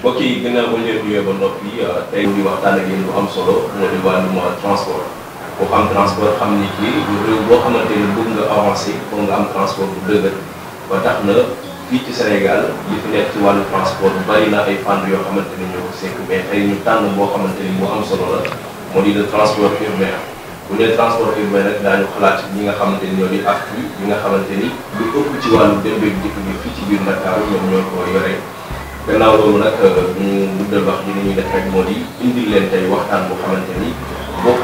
mbokk yi gannaaw ba ñu leen nuyoo ba noppi euh, tey ñu waxtaan ak am solo moo di wàllum euh, transport boo transport xam ni kii boo xamante ni bëgg nga avancé pour nga am transport bu dëgër ba tax na fii ci Sénégal li fi nekk ci wàllu transport bari naa ay fànn yoo xamante ni ñoo ko sekk mais tey ñu tànn boo xamante ni mu am solo la moo di le transport urbain bu ñu transport urbain nag daañu xalaat ñi nga xamante ni di AFTU ñi nga xamante ni ëpp ci wàllu dem beeg dikk bi fii ci biir Ndakaaru ñoom ñoo ko yore. gannaaw loolu nag euh, ñu guddal wax ji li ñuy def rek moo di indil leen waxtaan bu xamante ni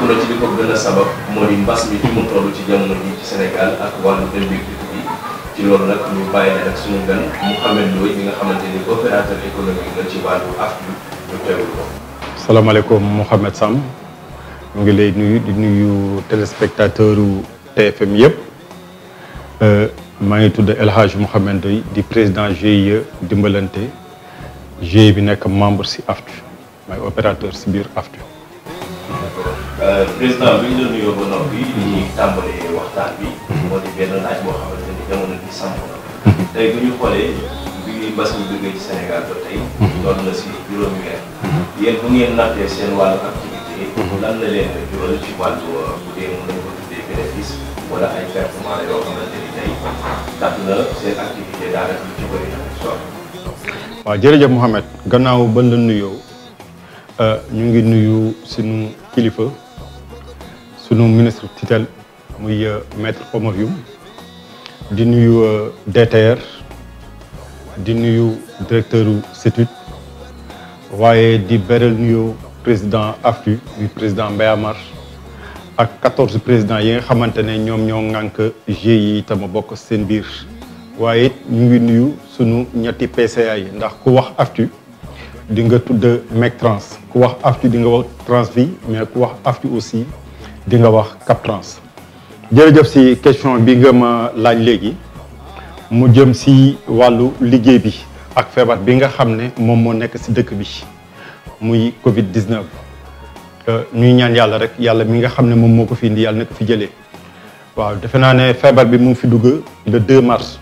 na ci li ko gën a sabab moo di mbas mi fi mu ci jamono ji ci Sénégal ak wàllu dem bi bi ci loolu nag ñu bàyyi leen ak suñu gan Mouhamed Ndoye mi nga xamante ni opérateur économique la ci wàllu Aftu ñu teewlu ko. salaamaaleykum Mouhamed Sam mu ngi lay nuyu di nuyu téléspectateur TFM yëpp. Euh, maa ngi tudd El Hadj Mouhamed Ndoye di président GIE dimbalante. GIE bi nekk membre si AFTU may opérateur si biir AFTU. Euh, président bi ñu doon nuyoo ba noppi. li ñuy tàmbalee waxtaan bi. Mhm. moo di benn laaj boo xamante ni jamono bi samp na. Mhm. tey bu ñu xoolee bi mbas mi duggee ci Sénégal ba tey. Mhm. doon na si juróomi weer. yéen bu ngeen nattee seen wàllu activité. ci wàllu euh, bu dee mën nañu ko tuddee bénéfice wala ay pertement yoo xamante ni tey tax na seen activité daanaka lu ci bëri na solo. waa jërëjëf Mouhamed gannaaw ban la nuyoo euh, ñu ngi nuyu sunu kilifa sunu ministre tutelle muy euh, maître Oumar Youm di nuyu euh, DTR di nuyu directeur u waaye di beral nuyoo président AFTU muy président Mbaye ak quatorze présidents yi nga xamante ne ñoom ñoo ŋànk GIE yi tam bokk seen biir waaye it ñu ngi nuyu sunu ñetti PCA yi ndax ku wax aftu di nga tudd Mectrans ku wax aftu di nga wax bi mais ku wax aftu aussi di nga wax Captrans jërëjëf si question bi nga ma laaj léegi mu jëm si wàllu liggéey bi ak feebar bi nga xam ne moom moo nekk si dëkk bi muy Covid 19. Euh, ñuy ñaan yàlla rek yàlla mi nga xam ne moom moo ko fi indi yàlla na fi jëlee waaw defe naa ne feebar bi mu ngi fi dugg le 2 mars.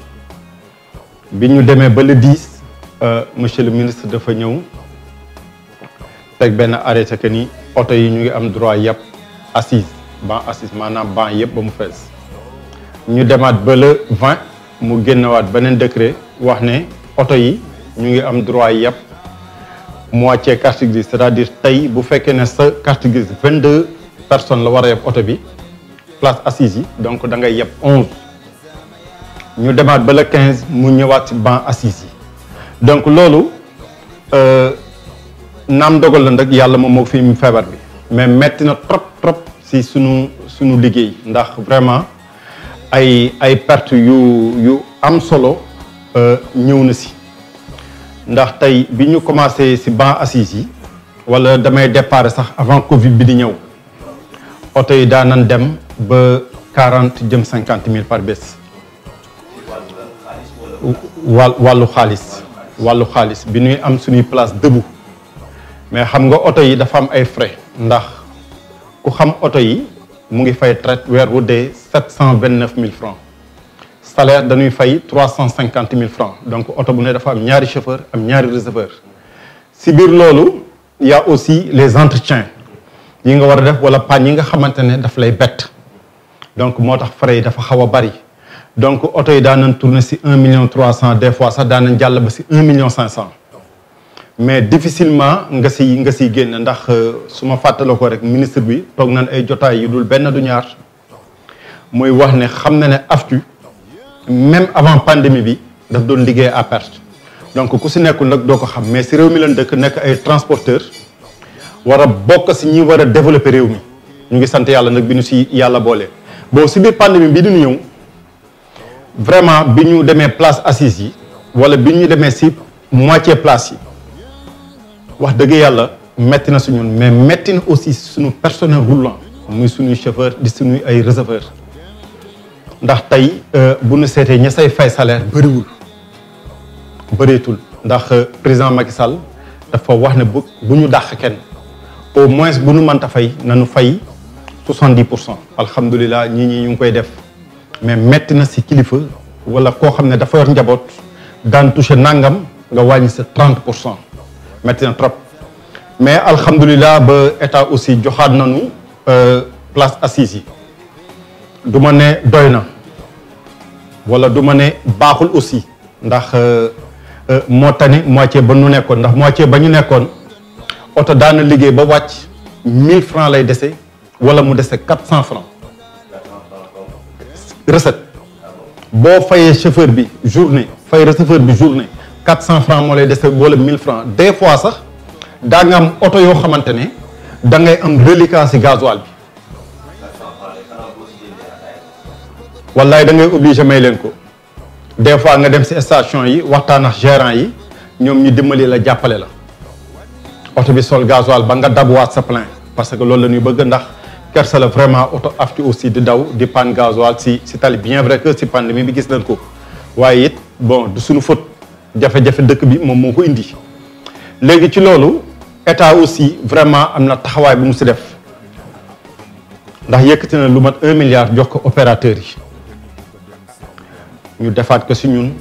bi ñu demee ba le 10 euh, monsieur le ministre dafa ñëw teg benn arrêté que ni oto yi ñu ngi am droit yàpp assise ban assise maanaam ban yëpp ba mu fees ñu demaat ba le 20 mu génnewaat beneen décret wax ne oto yi ñu ngi am droit yàpp moitié carte grise c'est-à-dire tey bu fekkee ne sa carte grise 22 personnes la war a yàpp oto bi place assise yi donc da ngay yàpp 11. ñu demaat ba le quinze mu ñëwaat ci banc assise yi donc loolu euh, naam dogal la nag yàlla moom moo fi mu feebar bi mais metti na trop trop si sunu sunu liggéey ndax vraiment ay ay perte yu yu am solo euh, ñëw na si ndax tey bi ñu commencé si banc assise yi wala damay départ sax avant Covid bi di ñëw oto yi daanan dem ba quarante jëm cinquante mille par bés. wàll wàllu xaalis wàllu xaalis bi nuy am suñuy place debout mais xam nga oto yi dafa am ay frais ndax ku xam oto yi mu ngi fay trait weer wu dee sept cent vingt neuf mille francs salaire dañuy fay trois cent cinquante mille francs donc oto bu ne dafa am ñaari chauffeur am ñaari receveur si biir loolu y aussi les entretiens yi nga war a def wala panne yi nga xamante ne daf lay bett donc moo tax frais yi dafa xaw a bari donc oto yi daan nañ tourner un million trois cent des fois sax daan nañ jàll ba si un million cinq cent mais difficilement nga si nga siy génn ndax euh, su ma fàttaloo ko rek ministre bi toog nan ay jotaay yu dul benn du ñaar muy wax ne xam na ne aftu même avant pandémie bi daf doon liggéey à perte donc ku si nekkul nag doo ko xam mais si réew mi lan dëkk nekk ay transporteur war a bokk si ñi war a développer réew mi ñu ngi sant yàlla nag bi ñu si yàlla boole boo si biir bi du ñëw vraiment bi ñu demee place assise yi wala bi ñu demee si moitié place yi wax dëgg yàlla metti na suñu mais metti na aussi suñu personnel roulant muy suñuy chauffeur di suñuy ay receveur ndax tey euh, bu nu seetee ña say fay salaire bëriwul bëreetul ndax euh, président Macky Sall dafa wax ne bu bu ñu dàq kenn au moins bu ñu mënta fay nu fay soixante-dix pour cent alhamdulilah ñii ñi ñu ngi koy def mais metti na si kilifa wala koo xam ne dafa yor njaboot daan touché nangam nga wàññi sa 30 pour cent metti na trop mais alhamdulilah ba état aussi joxaat nañu euh, place assise yi du ma ne doy na wala du ma ne baaxul aussi ndax euh, euh, moo tane moitié ba nu nekkoon ndax moitié ba ñu nekkoon oto daana liggéey ba wàcc mille francs lay dese wala mu dese cent francs recette boo fayee chauffeur bi journée fay receveur bi journée quatre cent francs moo lay dese wala mille francs des fois sax daa nga am oto yoo xamante ne da ngay am reliquat si gasoil bi wallaay da ngay obligé may leen ko des fois nga dem si station yi waxtaan ak gérant yi ñoom ñu dimbali la jàppale la oto bi sol gasoil ba nga dabuwaat sa plein parce que loolu la ñuy bëgg ndax kersa la vraiment oto af ci aussi di daw di panne gasoil si si tali bien vrai que si pandémie bi gis nañ ko waaye it bon du suñu faute jafe-jafe dëkk bi moom moo ko indi léegi ci loolu état aussi vraiment am na taxawaay bu mu si def ndax yëkkati na lu mat un milliard jox ko opérateurs yi ñu defaat ko si ñun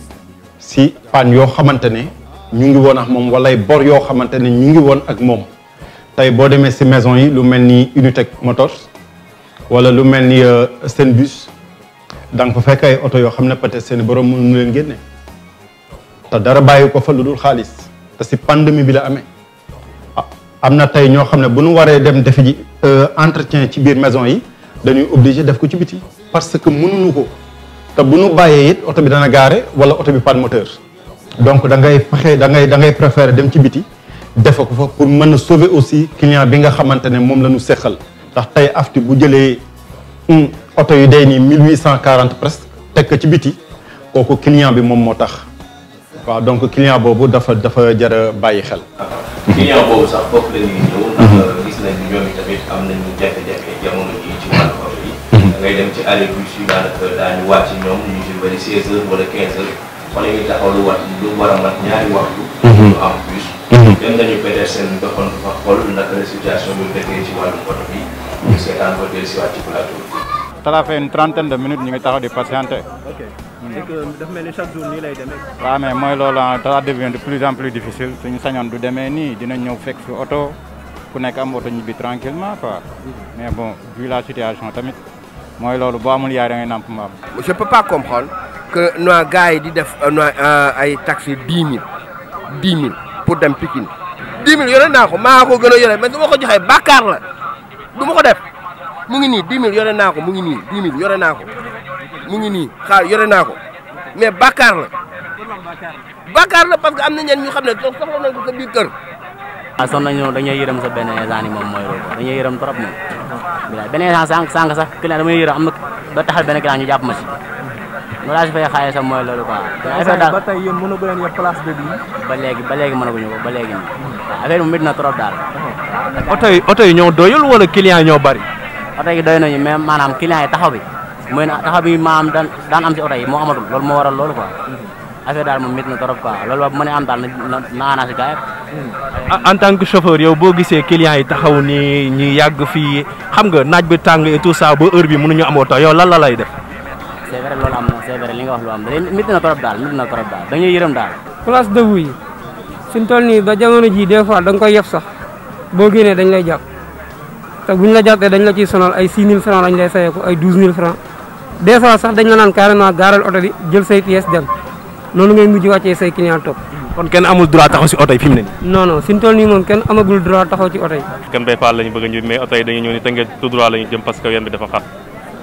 si panne yoo xamante ne ñu ngi woon ax moom walay bor yoo xamante ñu ngi woon ak moom tey boo demee si maison yi lu mel nii Unitec Motors wala lu mel ni euh, seen bus da nga fa fekk ay oto yoo xam ne peut-être seen borom mënuñu leen génne te dara bàyyi ko fa lu dul xaalis te si pandémie bi la amee ah, am na tey ñoo xam ne bu ñu waree dem def ji euh, entretien ci biir maison yi dañuy obligé def ko ci biti parce que mënuñu ko te bu nu bàyyee it oto bi dana gaare wala oto bi panne moteur donc da ngay fexe da ngay da ngay préférer dem ci biti defe ko fa pour mën a sauver aussi client bi nga xamante ne moom la ñu seqal ndax tey afti bu jëlee hmm, oto yu day nii mille huit cent quarante presque teg ko ci biti kooku client bi moom moo tax waaw donc client boobu dafa dafa jar bàyyi xel. client boobu sax foofu la ñuy ñëw. ndax gis nañu ci wàllu oto mhm. lu wat lu war a mat ñaari waxtu. ñu mhm. am bus. Mm-hmm. dem nañu peut-être seen doxantu fa xool naka la situation bi dëggee ci wàllu mm-hmm. ñu de minutes ñu ngi taxaw di patienter. ok c'est que dafa mel ni chaque lay demee. waaw mais mooy loolu ah, ça devient de plus en plus difficile suñu sañoon du deme nii dina ñëw fekk fi oto ku nekk am oto ñibbi tranquillement quoi mm-hmm. mais bon vu la situation tamit mooy loolu boo amul yaay da ngay nàmp mbaam. je peux pas que noo gars di def euh, noo euh, ay taxes dix mille dix pour dem Pikine dix mille yore naa ko maa ko gën a yore mais du ko joxee bàkkaar la du ma ko def mu ngi nii dix mille yore naa ko mu ngi nii dix mille yore naa ko mu ngi nii xaar yore naa ko mais bàkkaar la bàkkaar la parce que am na ñenn ñu xam ne soxla nañ ko sa biir kër. waaw soxna ñu dañuy yërëm sa benn instant yi moom mooy loolu dañuy yërëm trop moom. waaw benn instant sànq sànq sax client damay yërëm am na ba taxal benn client ñu jàpp ma si. loolaa si fay xaayee sax mooy loolu quoi. affaire daal ba tey yéen mënagu leen yëpp ba léegi ba léegi mënaguñu ko ba bi na trop daal. oto yi yi ñoo doyul wala client ñoo bari. oto yi doy nañu mais maanaam client yi taxaw bi mooy na taxaw bi maanaam daan daan am si oto yi moo amatul loolu moo waral loolu quoi. affaire daal moom mit na trop quoi loolu ba bu mënee am daal na na si gars en tant que chauffeur yow boo gisee clients yi taxaw nii ñi yàgg fii xam nga naaj bi tàng et tout ça ba heure bi mënuñu am oto yow lan la lay def. c'est c'est vrai li nga wax lu am métti na na trop daal dañuy yërëm daal. place debout yi suñ toll nii ji des fois da nga koy yeb sax boo génnee dañ lay jàpp te buñ la jàppee dañ sax dañ la naan carrément gaaral oto bi jël say pièces dem noonu ngay mujj wàccee say client topp. kon kenn amul droit taxaw ci oto yi ne nii. non non suñu toll nii moom kenn amagul taxaw ci oto kenn bay Fall lañu bëgg a ñëw mais oto yi dañuy ñëw ni lañu jëm parce que yoon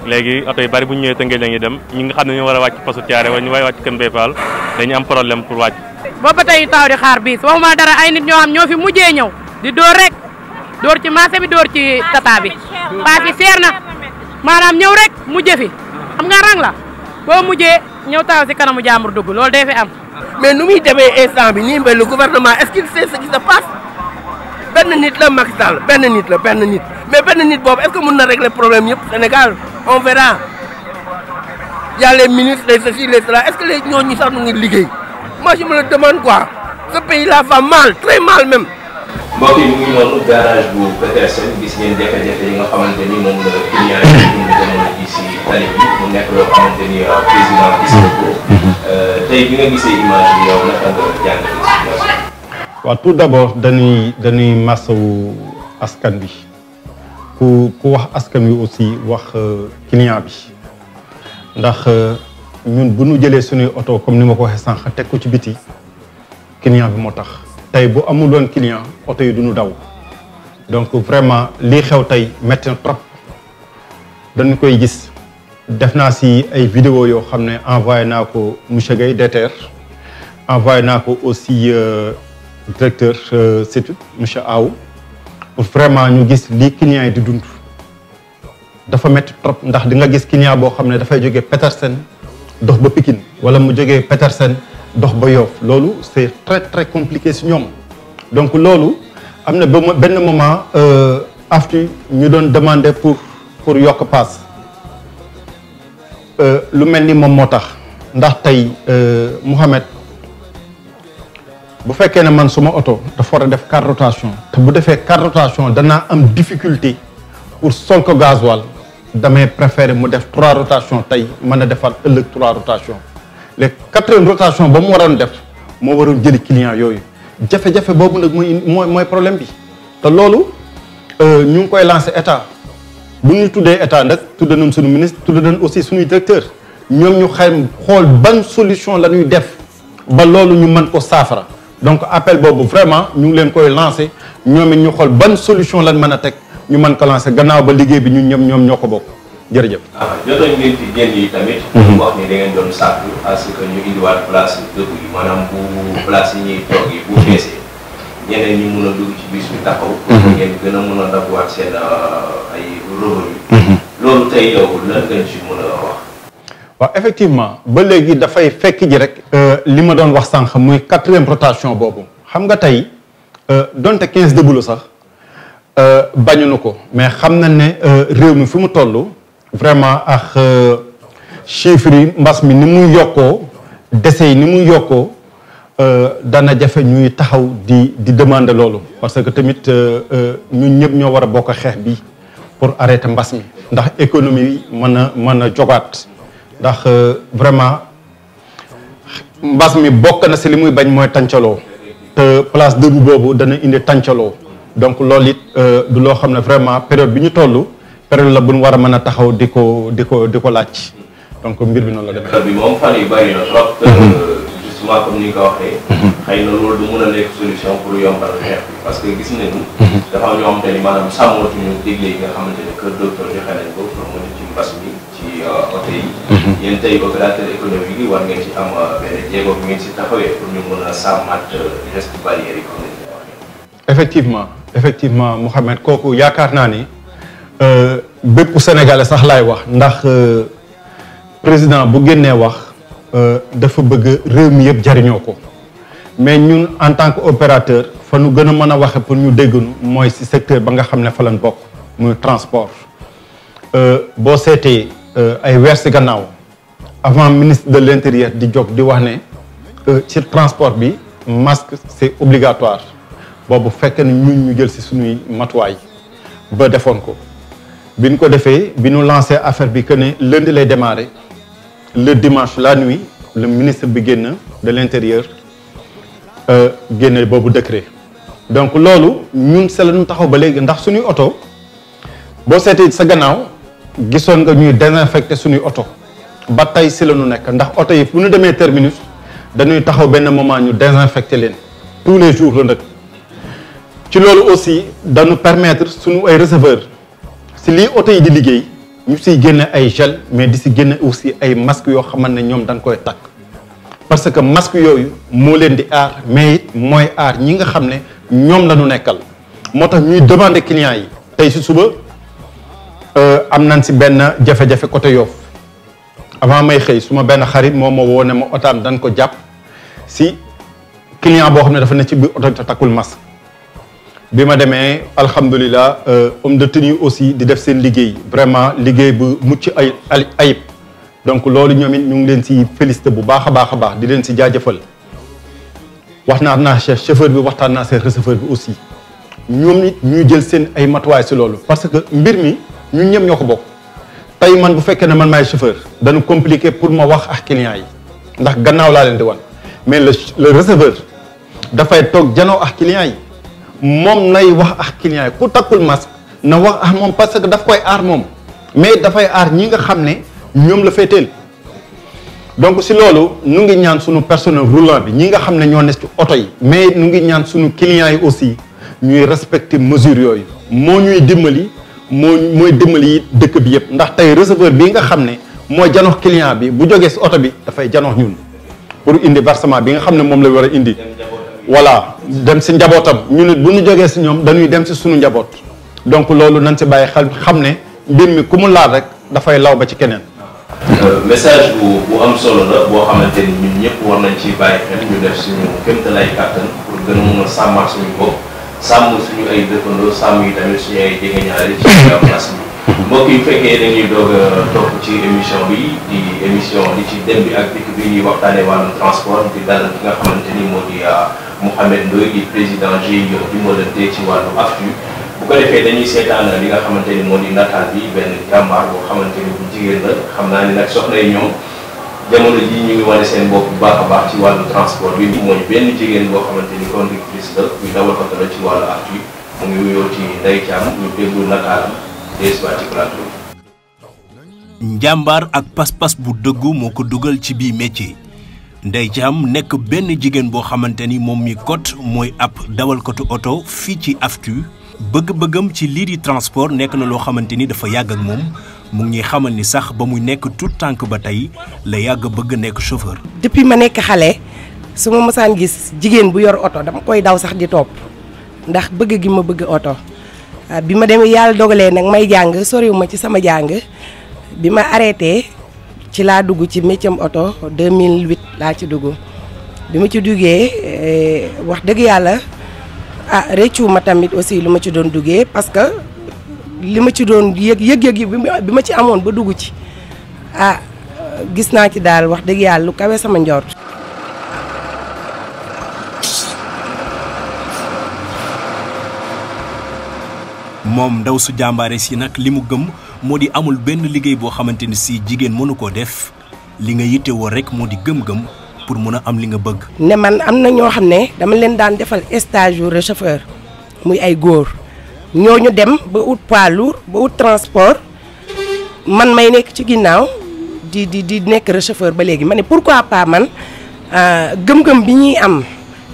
léegi oto yu bari bu ñu ñëwee Tëngéej la ñuy dem ñu nga xam ne ñu war a wàcc Fasu Thiaré wala ñu war a wàcc Kën Bay Fall dañu am problème pour wàcc boobu ba tey taw di xaar biis waxuma dara ay nit ñoo xam ñoo fi mujjee ñëw di door rek door ci marché bi dóor ci tata bi paas yi seer na maanaam ñëw rek mujje fi am nga rang la boo mujjee ñëw taw si kanamu jàmbur dugg lool day fi am mais nu muy demee instant bi nii mbay le gouvernement est-ce qu'il sait ce qui se passe benn nit la Macky Sall benn nit la benn nit mais benn nit boobu est-ce que mën na régler problème yëpp Sénégal on verra y a les ministres les ceci les cela est-ce que les ñooñu sax nu ngi liggéey moi je me le demande quoi ce pays là va mal très mal même. mbokk yi mu ngi noonu garage bu Petersen gis ngeen jafe-jafe yi nga xamante ni moom la client yi ñu demoon ci si tali bi mu nekk loo xamante ni euh, président gis na ko euh, tey bi nga gisee image bi yow naka nga jàngatee situation. waaw tout d'abord dañuy dañuy masawu askan bi. ku ku wax askan wi aussi wax euh, client bi ndax euh, ñun bu ñu jëlee suñuy oto comme ni ma ko waxee sànq teg ko ci biti client bi moo tax. tey bu amul woon client oto yi du ñu daw donc vraiment li xew tey métti na trop dañu koy gis def naa si ay vidéo yoo xam ne envoyé naa ko monsieur Guèye DTR envoyé naa ko aussi euh, directeur CETUD monsieur Aw. pour vraiment ñu gis lii client yi di dund dafa métti trop ndax di nga gis client boo xam ne dafay jóge Petersen dox ba Pikine wala mu jógee Petersen dox ba Yoff loolu c'est très très compliqué si ñoom donc loolu am na benn moment euh, afti ñu doon demander pour pour yokk paas euh, lu mel ni moom moo tax ndax tey euh, Mouhamed bu fekkee ne man suma oto dafa war a def quatre rotation te bu defee quatre rotation danaa am difficulté pour sol ko gasoil damay préférer mu def trois rotation tey mën a defal ëllëg trois rotation les quatrième rotation ba mu waroon def moo waroon jëli client yooyu jafe-jafe boobu nag mooy mooy mooy problème bi te loolu euh, ñu ngi koy lancé état bu ñu tuddee état nag tudd nañ suñu ministre tudd nañ aussi suñuy directeur ñoom ñu xam xool ban solution la ñuy def ba loolu ñu mën ko saafara donc appel boobu vraiment ñu ngi leen koy lancé ñoom it ñu xool ban solution lan mën a teg ñu man ko lancé gannaaw ba liggéey bi ñun ñoom ñoom ñoo ko bokk jërëjëf. waaw ah, jotoon ngeen ci génn yi ñu mhm. wax ni da ngeen doon sàkku parce que ñu indiwaat place yu dëkk yi maanaam bu place yi ñuy toog yi bu feesee ñeneen ñi mun a dugg ci bis bi taxaw. Mhm. pour a mun a dabuwaat seen euh, ay mhm. loolu tey yow lan ngeen ci mën a wax. waaw effectivement ba léegi dafay fekk ji rek euh, li ma doon wax sànq muy quatrième rotation boobu xam nga tey euh, donte quinze debout la sax euh, bañunu ko mais xam na ne réew mi fi mu toll vraiment ak chiffre yi mbas mi ni muy yokkoo décès yi ni muy yokkoo dana jafe ñuy taxaw di di demander loolu parce que tamit ñun ñëpp ñoo war a bokk xeex bi pour arrêter mbas mi ndax économie yi mën a mën a jogaat ndax euh, vraiment mbas mi bokk na si li muy bañ mooy tancaloo te place debout boobu dana indi tàncaloo donc loolu it euh, du loo xam ne vraiment période bi ñu toll période la bu ñu war a mën a taxaw di ko di ko di ko laaj donc mbir bi noonu la demee. kër bi moom fan yi bàyyi na trop. Mhm. Euh, justement comme ni nga ko mhm. parce que gis nañu. Mhm. dafa am ñoo xamante ni maanaam sàmmootuñu digle yi nga xamante ni kër docteur joxe nañ ko pour mu ci mbas mi ci oto yéen yi war ngeen ci am benn jéego bi ngeen si taxawee pour ñu mën a sàmmat geste barrière yi comme effectivement effectivement Mouhamed kooku yaakaar naa ni euh, bépp sénégalais sax laay wax ndax euh, président bu génnee wax euh, dafa bëgg réew mi yëpp jariñoo ko mais ñun en tant que opérateur fa nu gën a mën a waxe pour ñu déggnu mooy si secteur ba nga xam ne fa lañ bokk muy transport boo seetee Euh, ay weer si gannaaw avant ministre de l'intérieur di jog di wax ne euh, ci transport bi masque c'est obligatoire boobu fekk na ñun ñu jël si suñuy matuwaay ba defoon ko bi ñu ko defee bi nu lancé affaire bi que ne lundi lay démarrer le dimanche la nuit le ministre bi génn de l'intérieur euh, génne boobu décret donc loolu ñun se la taxaw ba léegi ndax suñuy oto boo seetee sa gannaaw gisoon nga ñuy désinfecté suñuy oto ba tey si la ñu nekk ndax oto yi bu ñu demee terminus dañuy taxaw benn moment ñu désinfecté leen tous les jours la nag ci loolu aussi dañu permettre suñu ay receveur si lii oto yi di liggéey ñu siy génne ay gel mais di si génne aussi ay masques yoo xamante ne ñoom dañ koy takk parce que masque yooyu moo leen di aar mais it mooy aar ñi nga xam ne ñoom la ñu nekkal moo tax ñuy demande clients yi tey si suba. Euh, am nañ si benn jafe-jafe côté Yoff avant may xëy su ma benn xarit moom moo woo ma otaam dañ ko jàpp si client boo xam ne dafa ne ci biir oto te takkul masque bi ma demee alhamdulilah euh, homme de tenue aussi di def seen liggéey vraiment liggéey bu mucc ay ayib donc loolu ñoom it ñu ngi leen si félicité bu baax a baax a baax di leen si jaajëfal wax naa naa chauffeur bi waxtaan naa seen receveur bi aussi ñoom it ñuy jël seen ay matuwaay si loolu parce que mbir mi. ñun ñëpp ñoo ko bokk tey man bu fekkee ne man maay chauffeur dana compliqué pour ma wax ak client yi ndax gannaaw laa leen di wan mais la le receveur dafay toog janoo ak client yi moom nay wax ak client yi ku takkul masque na wax ak moom parce que daf koy aar moom mais dafay aar ñi nga xam ne ñoom la féeteel donc si loolu nu ngi ñaan suñu personnel roulant bi ñi nga xam ne ñoo ne ci oto yi mais nu ngi ñaan suñu clients yi aussi ñuy respecter mesures yooyu moo ñuy dimbali moo mooy dimbali dëkk bi yëpp ndax tey receveur bii nga xam ne mooy janox client bi bu jógee si oto bi dafay janox ñun pour indi versement bi nga xam ne moom la war a indi voilà dem si njabootam ñu nit bu ñu jogee si ñoom dañuy dem si suñu njaboot donc loolu nañ si bàyyi xel xam ne mbir mi ku mu laal rek dafay law ba ci keneen euh, solo boo xamante ni ñun nañ ci bàyyi sàmm suñu ay dëkkandoo sàmm yi tamit suñu ay jege ñaari ci place bi mbokk yi fekkee dañuy doog a topp ci émission bi di émission li ci dem bi ak dikk bi ñuy waxtaanee wàllum transport di dalal ki nga xamante ni moo di ah, Mouhamed Ndoye di président GIE bi moo leen tee ci wàllu aftu bu ko defee dañuy seetaan li nga xamante ni moo di nataal bi benn jàmbaar boo xamante ni bu jigéen la xam naa ni nag soxna yi ñoom jamono bu baax a bi mooy ak pas-pas bu dëggu moo ko dugal ci bii métier Ndeye Thiam nekk benn jigéen boo xamante ni moom mi kot mooy ab dawalkatu oto fii ci AFTU bëgg-bëggam ci lii di transport nekk na loo xamante ni dafa yàgg ak moom. mu ngi xamal ni sax ba mu nekk tout tànk ba tey la yàgg bëgg nekk chauffeur. depuis ma nekk xale su ma mosaan gis jigéen bu yor oto dama koy daw sax di topp ndax bëgg gi ma bëgg oto ah, bi ma demee yàlla dogalee nag may jàng soriwuma ci sama jàng bi ma arrêté ci laa dugg ci métier oto 2008 laa ci dugg bi ma ci duggee eh, wax dëgg yàlla ah réccu ma tamit aussi lu ma ci doon duggee parce que. li ma ci doon yëg yëg-yëg yi bi ma ci amoon ba dugg ci ah gis naa ci daal wax dëgg yàlla lu kawe sama njort. moom ndaw su jàmbaare si nag li mu gëm moo di amul benn liggéey boo xamante ni si jigéen mënu koo def li nga yitte woo rek moo di gëm-gëm pour mun a am li nga bëgg. ne man am na ñoo xam ne dama leen daan defal stage yu receveur muy ay góor. ñoo ñu dem ba ut poids lourd ba ut transport man may nekk ci ginnaaw di di di nekk chauffeur ba léegi ma ne pourquoi pas man euh, gëm-gëm bi ñuy am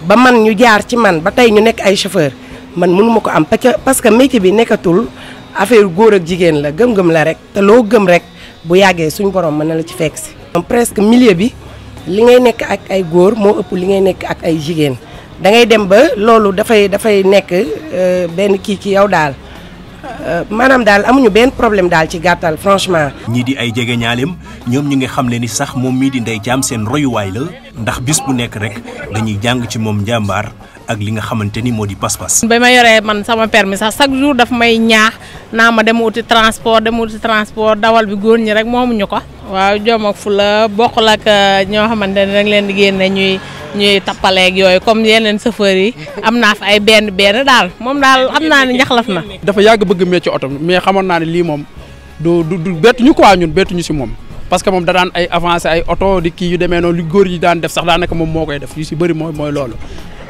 ba man ñu jaar ci man ba tey ñu nekk ay chauffeur man mënuma ko am parce que métier bi nekkatul affaire góor ak jigéen la gëm-gëm la rek te loo gëm rek bu yàggee suñ borom mën na la ci fekk si. presque milieu bi li ngay nekk ak ay góor moo ëpp li ngay nekk ak ay jigéen. da ngay dem ba loolu dafay dafay nekk euh, benn kii ci yow daal euh, maanaam daal amuñu benn problème daal ci gàttal franchement. ñii di ay jege ñaaleem ñoom ñu ngi xam le ni sax moom mii di ci am seen royuwaay la ndax bis bu nekk rek dañuy jàng ci moom njàmbaar ak li nga xamante ni moo di pas ba ma yoree man sama permis sax chaque jour dafa may ñaax naa ma dem uti transport dem uti transport dawal bi góor ñi rek moomuñu ko. waaw jom ak fu la euh, ñoo xamante ne rek leen di génne ñuy. ñuy tappaleeg yooyu comme yeneen chauffeur yi am naa fi ay benn benn daal moom daal xam naa ne njaxlaf na. dafa yàgg bëgg métier oto mais xamoon naa ne lii moom du du du bettu ñu quoi ñun bettu ñu si moom. parce que moom da daan ay avancé ay oto di kii yu demee noonu lu góor yi daan def sax daanaka moom moo koy def yu si bëri mooy mooy loolu.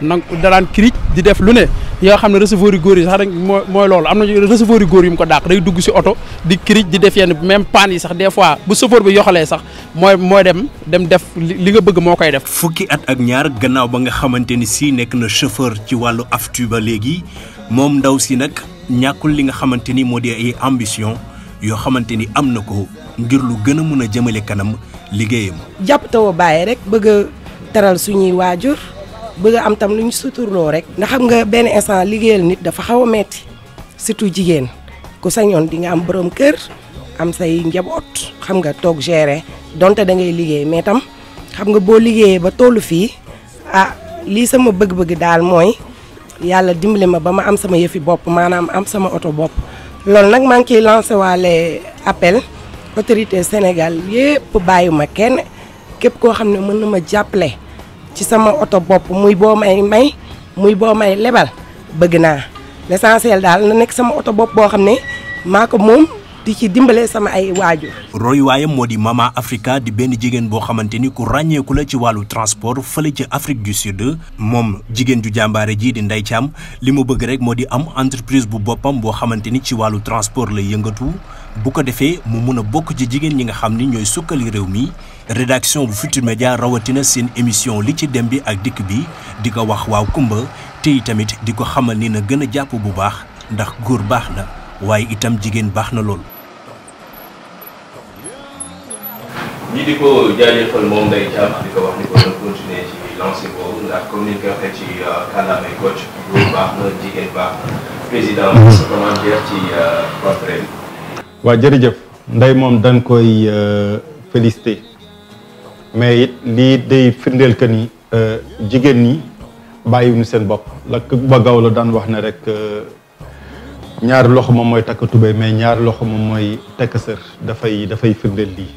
nang daraan cric di def lu ne yoo xam ne receveur yu góor yi sax rek moo mooy loolu am na receveur yu góor mu ko dàq day dugg si oto di cric di def yenn même panne yi sax des fois bu chauffeur bi yoxalee sax mooy mooy dem dem def li nga bëgg moo koy def. fukki at ak ñaar gannaaw ba nga xamante ni si nekk na chauffeur ci wàllu aftu ba léegi moom ndaw si nag ñàkkul li nga xamante ni moo di ay ambition yoo xamante ni am na ko ngir lu gën a mën a jëmale kanam liggéeyam. jàpp taw a bàyyi rek bëgg a taral bëgg am tam lu ñu suturloo rek. ndax xam nga benn instant liggéeyal nit dafa xaw a metti surtout jigéen ku sañoon di nga am borom kër am say njaboot xam nga toog gere donte da ngay liggéey mais tam xam nga boo liggéeyee ba tollu fii ah lii sama bëgg-bëgg daal mooy yàlla dimbali ma ba ma am sama yëfi bopp maanaam am sama oto bopp. loolu nag maa ngi ciy lancé waale appel autorité Sénégal yépp bàyyi ma kenn képp koo xam ne mën na ma jàppale. ci sama oto bopp muy boo may may muy boo may lebal bëgg naa l'essentiel daal na nekk sama oto bopp boo xam ne maa ko moom di ci dimbale sama ay waajur. royuwaayam moo di Mama Africa di benn jigéen boo xamante ni ku ràññeeku la ci wàllu transport fële ci Afrique du Sud moom jigéen ju jàmbaare jii di Ndeye li mu bëgg rek moo di am entreprise bu boppam boo xamante ni ci wàllu transport la yëngatu bu ko defee mu mun a bokk ci jigéen ñi nga xam ni ñooy sukkali réew mi rédaction bu Futurs Médias rawatina seen émission li ci dem bi ak dikk bi di ko wax waaw kumba tey tamit di ko xamal ni na gën a jàpp bu baax ndax góor baax na waaye itam jigéen baax na lool ñi euh, mm-hmm. euh, jërëjëf Ndeye dañ koy euh, félicité mais it lii day firndeel que ni jigéen ñi bàyyiwuñu seen bopp la ba gaw la daan wax na rek ñaar loxo moom mooy takk tubéy mais ñaar loxo moom mooy takk sër dafay dafay firndeel lii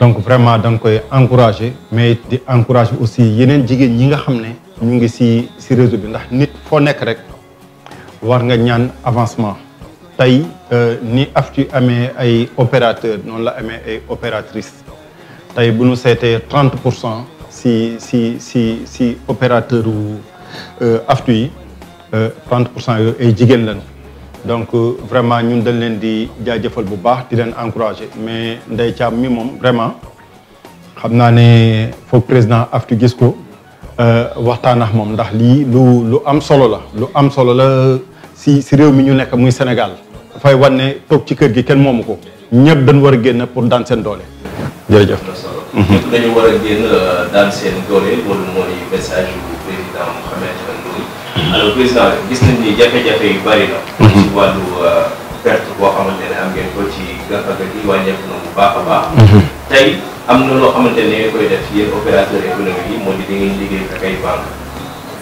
donc vraiment dañ koy encourager mais di encourager aussi yeneen jigéen ñi nga xam ne ñu ngi si ci réseau bi ndax nit foo nekk rek war nga ñaan avancement tey euh, ni AFTU amee ay opérateurs noonu la amee ay opératrices tey bu nu seetee trente pour cent ci ci ci ci opérateur wu euh, AFTU yi euh, trente pour cent yooyu ay jigéen lañ donc euh, vraiment ñun dañ leen di jaajëfal bu baax di leen encourager mais Ndeye Thiam mi moom vraiment xam naa ne foog président Aftu gis ko euh, waxtaan ak moom ndax lii lu lu am solo la lu am solo la si si réew mi ñu nekk muy Sénégal dafay wan ne toog ci kër gi kenn moomu ko ñëpp dañu war a génn pour daan seen doole jërëjëf. ñëpp dañu war a génn euh, daan seen doole loolu mooy message alors président gis nañ ni jafe-jafe yu bari la. Mhm. ci wàllu euh, perte boo xamante ne am ngeen ko ci gàncax gi wàññeeku na baax a baax. Mhm. tey am na loo xamante ne ngeen koy def yéen opérateur économique yi moo liggéey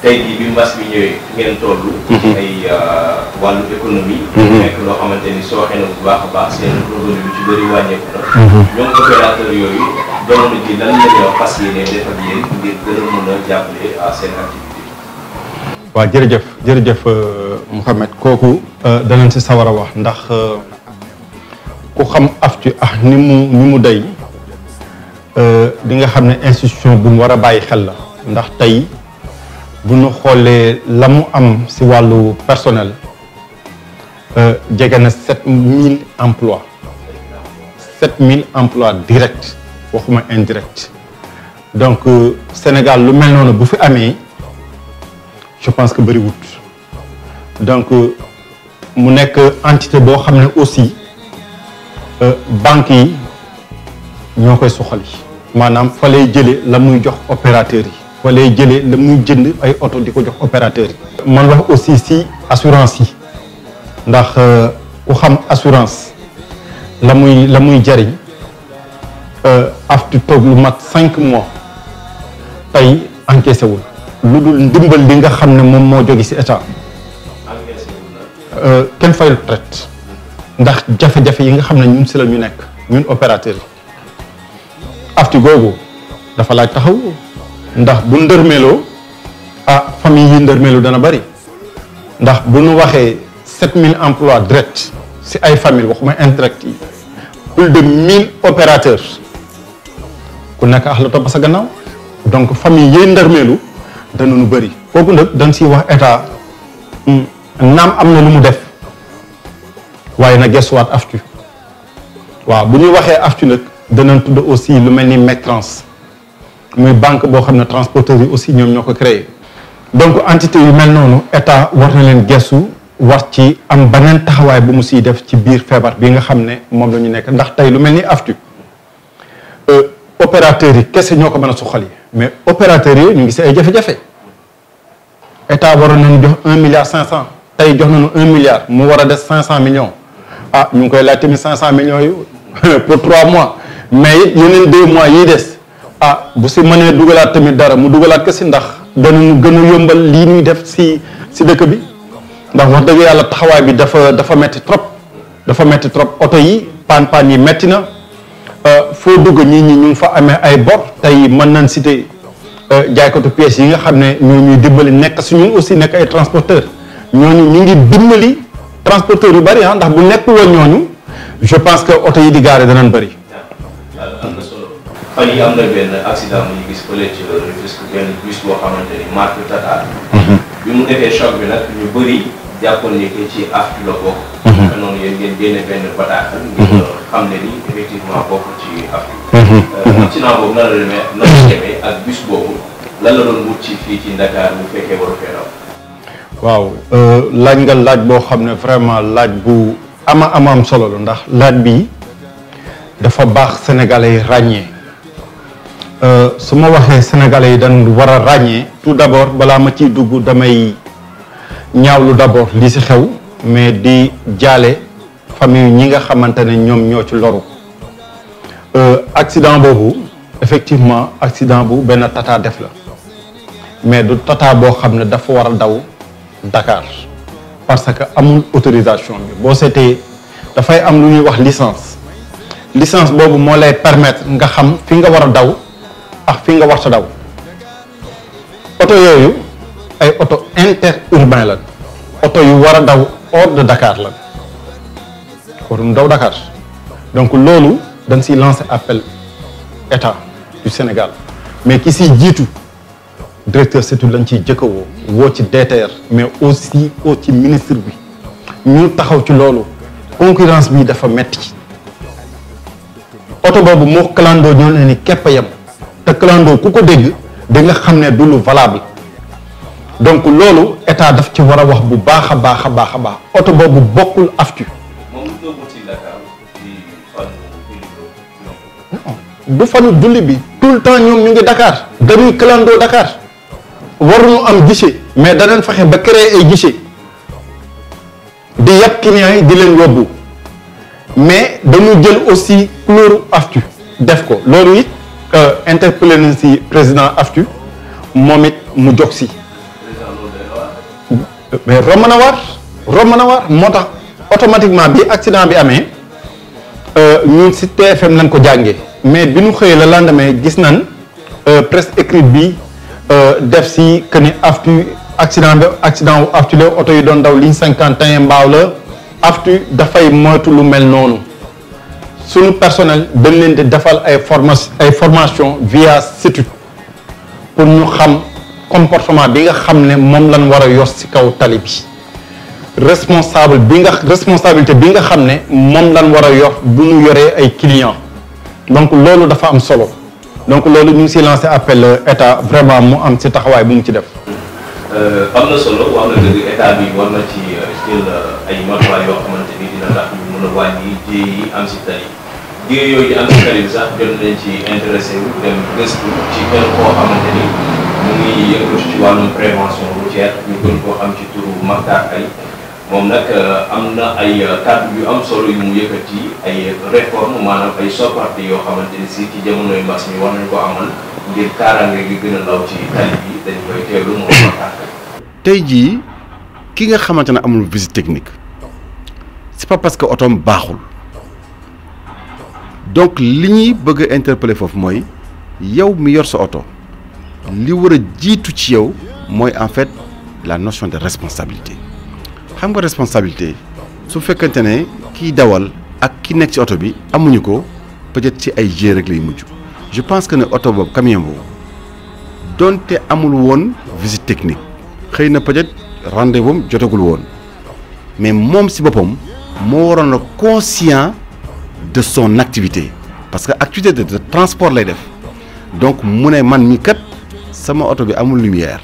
tey jii bi mbas bi ñëwee ngeen toll. Mhm. ay euh, wàllu économie. nekk loo xamante ni soo na baax a baax seen revenu ci bëri wàññeeku na. ñoom opérateur yooyu jamono ji lan la ñoo fas yéene def ak yéen ngir gën a mën a jàppale seen activité. waa jërëjëf jërëjëf euh, Mouhamed kooku euh, danañ si sawar a wax ndax euh, ku xam aftu ah ni mu ni mu day di nga xam ne institution bu mu war a bàyyi xel la ndax tey bu nu xoolee la mu am si wàllu personnel jege na sept mille emplois sept mille emplois direct waxuma indirect donc Sénégal lu mel noonu bu fi amee je pense que bëriwut donc euh, mu nekk entité boo xam ne aussi euh, banque yi ñoo koy suxali maanaam fa lay jëlee la muy jox opérateurs yi fa lay jëlee la muy jënd ay oto di ko jox opérateurs yi man wax aussi si assurance yi ndax euh, ku xam assurance la muy la muy jariñ aftu toog lu mat cinq mois tey encaissé wul lu dul ndimbal li nga xam ne moom moo joge ci état euh, kenn fayul traite ndax jafe-jafe yi nga xam ne ñun si la ñu nekk ñun opérateur yi afti googu dafa laaj taxaw ndax bu ndërmeeloo ah famille yi ndërmeelu dana bari ndax bu ñu waxee set mille emplois direct si ay famille waxuma indirect yi plus de mille opérateurs ku nekk ax la topp sa gannaaw donc famille yi ndërmeelu dana nu bëri kooku nag dañ siy wax état hmm. naam am na lu mu def waaye na gestuwaat aftu waaw bu ñuy waxee aftu nag danañ tudd aussi lu mel ni Mectrans muy banque boo xam ne transporteurs yi aussi ñoom ñoo ko créé donc entité yu mel noonu état war na leen gestu war ci am ba beneen taxawaay bu mu siy def ci biir feebar bi nga xam ne moom la ñu nekk ndax tey lu mel ni aftu opérateurs yi kese ñoo ko mën a suqali mais opérateurs yi ñu ngi si ay jafe-jafe état waroon nañu jox un milliard cinq cent tey jox nañu un milliard mu war a des cinq cent millions ah ñu ngi koy laaj tamit cinq cent millions yi pour trois mois mais it yeneen deux mois yii des ah bu si mënee dugalaat tamit dara mu dugalaat ko si ndax danañu gën a yombal lii ñuy def si si dëkk bi ndax wax dëgg yàlla taxawaay bi dafa dafa metti trop dafa metti trop oto yi paan paan yi metti na. Euh, foo dugg ñii ñi ñu ngi fa amee ay bor tey mën nañ cité euh, jaaykatu pièces yi nga xam ne ñoo ñuy dimbali nekk su ñun aussi nekk ay transporteur ñooñu ñu ngi dimbali transporteur yu bëri ah ndax bu nekk woon ñooñu je pense que oto yi di gaare danañ bëri. am na solo fan am na benn accident bu gis fële ci risque benn ni marque Tata. Mhm. bi mu defee choc bi nag ñu bëri jàppoon ni ci af la bokk. naka mhm. noonu yéen waaw euh, laaj nga laaj boo xam ne vraiment laaj bu ama amaam solo la ndax laaj bi dafa baax sénégalais yi ràññee. Euh, su ma waxee sénégalais yi dañ war a ràññee tout d'abord balaa ma ciy dugg damay ñaawlu d'abord li si xew mais di jaale famille ñi nga xamante ne ñoom ñoo ci loru euh, accident boobu effectivement accident bu benn tata def la mais du tata boo xam ne dafa war a daw Dakar parce que amul autorisation bi boo seetee dafay am lu ñuy wax licence licence boobu moo lay permettre nga xam fi nga war a daw ak fi nga war a daw oto yooyu ay oto interurbain la oto yu war a daw hors dakaar la ko dum daw Dakar donc loolu dañ siy lancer appel état du Sénégal mais ki si jiitu directeur surtout lañ ciy jëkka woo woo ci DTR mais aussi woo ci ministre bi ñu taxaw ci loolu concurrence bi dafa metti oto boobu moo clando ñoo ne ni képp yem te clando ku ko dégg di nga xam ne du lu valable donc loolu état daf ci war a wax bu baax a baax a baax a baax oto boobu bokkul aftu du fanu julli bi tout le temps ñoom ñu ngi Dakar dañuy clando Dakar waruñu am guichet mais daneen fexe ba créer ay guichet di yàpp clients yi di leen yóbbu mais dañu jël aussi couleur aftu def ko loolu it euh, interpellé si président aftu moom it mu jog si mais romb na waar romb na waar moo tax automatiquement bi accident bi amee euh, ñu si TFM nañ ko jàngee mais bi ñu xëyee la lendemain gis nañ euh, presque écrite bi euh, def si que ni aftu accident bi accident wu aftu la oto yi doon daw ligne cinquante et un mbaaw la aftu dafay moytu lu mel noonu suñu personnel dañ leen di defal ay ay formation via CETUD pour ñu xam comportement bi nga xam ne moom lañ war a yos ci kaw tali bi responsable bi nga responsabilité bi nga xam ne moom lañ war a yor bu ñu yoree ay client donc loolu dafa am solo donc loolu ñu ngi siy lancé appel euh, état vraiment mu am ci taxawaay bu mu ci def. Euh, bi war na ci euh, jël ay matuwaay yoo xamante ni dina tax ñu mën a wàññi jéey am ci tali jéey yooyu am ci tali bi sax jot nañ ci intéressé wu dem gëstu ci kër koo xamante ni. muy yëngatu ci wàllum prévention routière ñu gën koo xam ci turu Makhtar moom nag euh, am na ay euh, kàddu yu am solo yu mu yëkkati ay réforme maanaam ay sopparte yoo xamante ni si ci jamonoy mbas mi war nañ ko amal ngir kaaraange gi gën law ci tali bi dañ koy teewlu moom Makhtar tey jii ki nga xamante ne amul visite technique c'est pas parce que otoom baaxul donc li ñuy bëgg a foofu mooy yow mi yor sa oto li war a jiitu ci yow mooy en fait la notion de responsabilité xam nga responsabilité su fekkante ne kiy dawal ak ki nekk ci oto bi amuñu ko peut-être ci ay jéer rek lay mujj je pense que ne oto boobu camion boobu donte amul woon visite technique xëy na peut-être rendez-vous jotagul woon mais moom si boppam moo waroon a conscient de son activité parce que activité de transport lay def donc mu ne man mi kat. sama oto bi amul lumière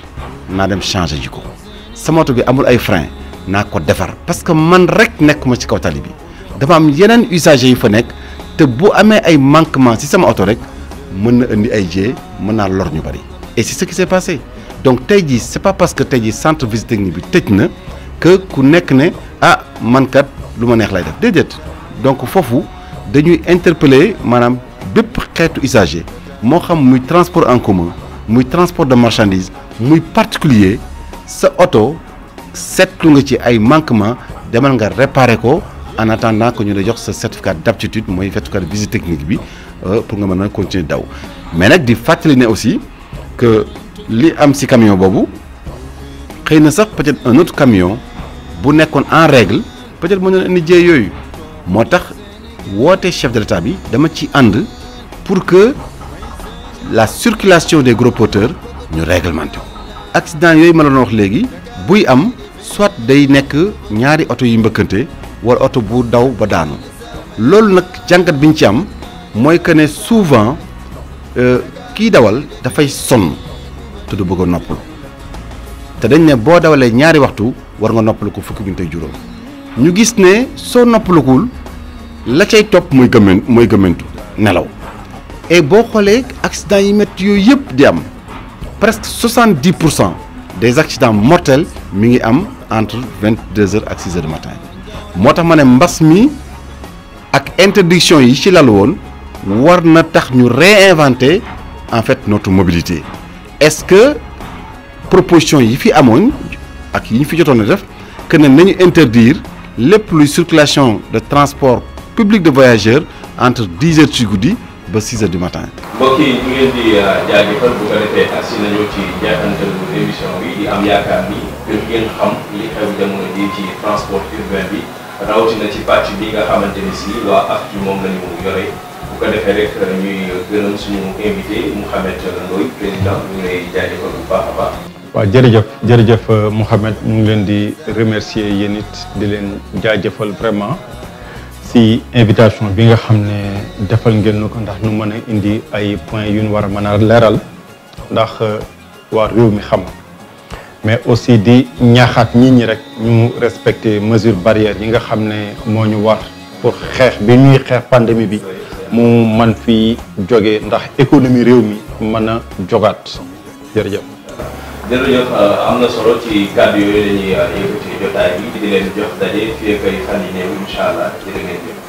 naa dem changer ji ko sama oto bi amul ay frein naa ko defar parce que man rek nekk ma ci kaw tali bi dafa am yeneen usagers yu fa nekk te bu amee ay manquement si sama oto rek mën na indi ay jee mën naa lor ñu bëri et c'est ce qui s'est passé donc tey ji c'est pas parce que tey jii centre visite technique bi tëj na que ku nekk ne ah mankat lu ma neex lay def déedéet donc foofu dañuy interpeller maanaam bépp xeetu usager moo xam muy transport en commun muy transport de marchandise muy particulier sa oto seetlu nga ci ay manquement demal nga réparer ko en attendant que ñu la jox sa certificat d'aptitude mooy certificat de technique bi euh, pour nga mën a continuer daw mais nag di fàttali ne aussi que li am ci camion boobu xëy na sax peut-être un autre camion bu nekkoon en régle peut-être mën na indi yooyu moo tax woote chef de l'État bi dama ci ànd pour que la circulation des gros porteurs ñu réglementé ko accident yooyu ma la wax léegi buy am soit day nekk ñaari oto yi mbëkkante war oto bu daw ba daanu loolu nag jàngat bi ñu ci am mooy que ne souvent euh, kiy dawal dafay sonn te du bëgg a noppalu te dañ ne boo dawalee ñaari waxtu war nga noppalu ko fukki minute ak juróom ñu gis ne soo noppalukuwul la cay topp mooy gëmmen mooy gëmmentu nelaw et boo xoolee accident yi métti yooyu yëpp di am presque soixante dix pour cent des accidents mortels mi ngi am entre vingt deux heures ak six heures matin moo tax ma ne mbas mi ak interdiction yi ci lalu woon war na tax ñu réinventer en fait notre mobilité est-ce que proposition yi fi amoon ak yi ñu fi jotoon a def que ne nañu interdire lépp luy circulation de transport public de voyageurs entre dix heures ci guddi. ba 6 heures du matin. mbokk ñu leen di euh, jaajëfal bu ko defee ak si ci jeexantal bu émission di am yaakaar ni gën ngeen xam li xew jamono ji ci transport urbain bi rawatina ci pàcc bi nga xamante si waa AFTU moom la yore bu ko defee rek euh, ñuy gërëm suñu invité Mouhamed Ndoye président ñu lay jaajëfal baax a baax. waaw jërëjëf jërëjëf euh, Mouhamed ñu ngi leen di remercier yéen it di leen jaajëfal vraiment. ci invitation bi nga xam ne defal ngeen nu ko ndax nu mën a indi ay points yu ñu war a mën a leeral ndax euh, waa réew mi xam mais aussi di ñaxaat nit ñi rek ñu respecter mesures barrières yi nga xam ne moo ñu war pour xeex bi ñuy xeex pandémie bi mu man fi jóge ndax économie réew mi mën a jogaat jërëjëf jërëjëf euh, am na solo ci kàddu yooyu la ñuy euh, yëkkati jotaay bi di leen jox daje fii ak ay fan yu néew incha allah jërë ngeen